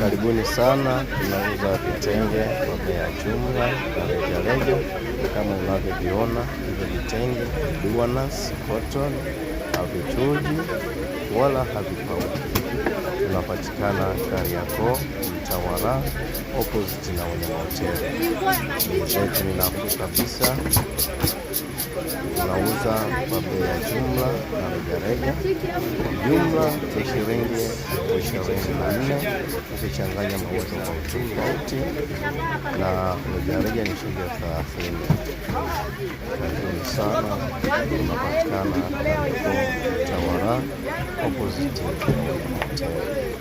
Karibuni sana, tunauza vitenge kwa bei ya jumla na rejareja kama unavyoviona hivyo vitenge duanas, cotton havichuji wala havikauki. Tunapatikana Kariakoo Mtawara opposite na wenye Hoteli. Bei zetu ni nafuu kabisa kuuza kwa bei ya jumla na rejareja, jumla ni shilingi ishirini na nne ukichanganya maua tofauti tofauti, na rejareja ni shilingi thelathini. Karibuni sana, unapatikana katika Mtawala opposite ya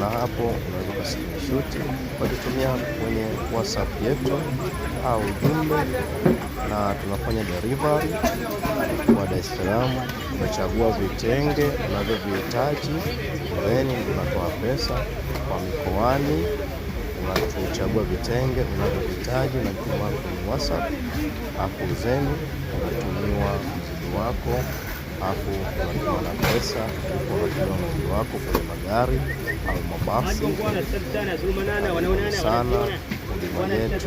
na hapo unaweza ukascreenshot ukatutumia kwenye WhatsApp yetu au ujumbe na tunafanya delivery kwa Dar es Salaam. Unachagua vitenge unavyovihitaji, weni unatoa pesa. Kwa mikoani unatuchagua vitenge unavyohitaji na kutuma kwenye WhatsApp, hapo zeni unatumiwa mzigo wako Alafu unatuma na pesa, unatuma mji wako kwenye magari au mabasi. Sana huduma yetu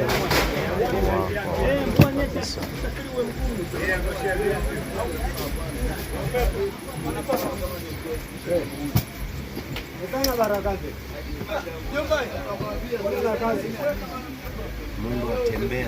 kwa kabisa. Mungu atembele,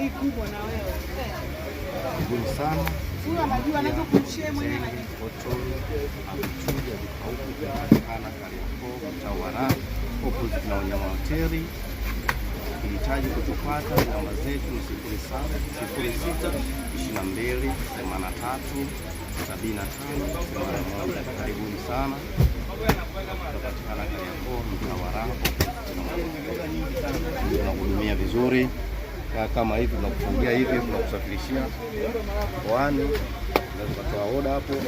hii kubwa na wewe. Nzuri sana. Huyu anajua anaweza kumshare mwenyewe anajua. Hoteli amechuja vikauku vya Makala Kariakoo Mtawara opposite na wanyama hoteli. Ukihitaji kutupata namba zetu ni 07 06 22 83 75 81. Karibuni sana. Tunapatikana Kariakoo Mtawara. Tunahudumia vizuri kama hivi, tunakufungia hivi, tunakusafirishia mkoani, tunatoa oda hapo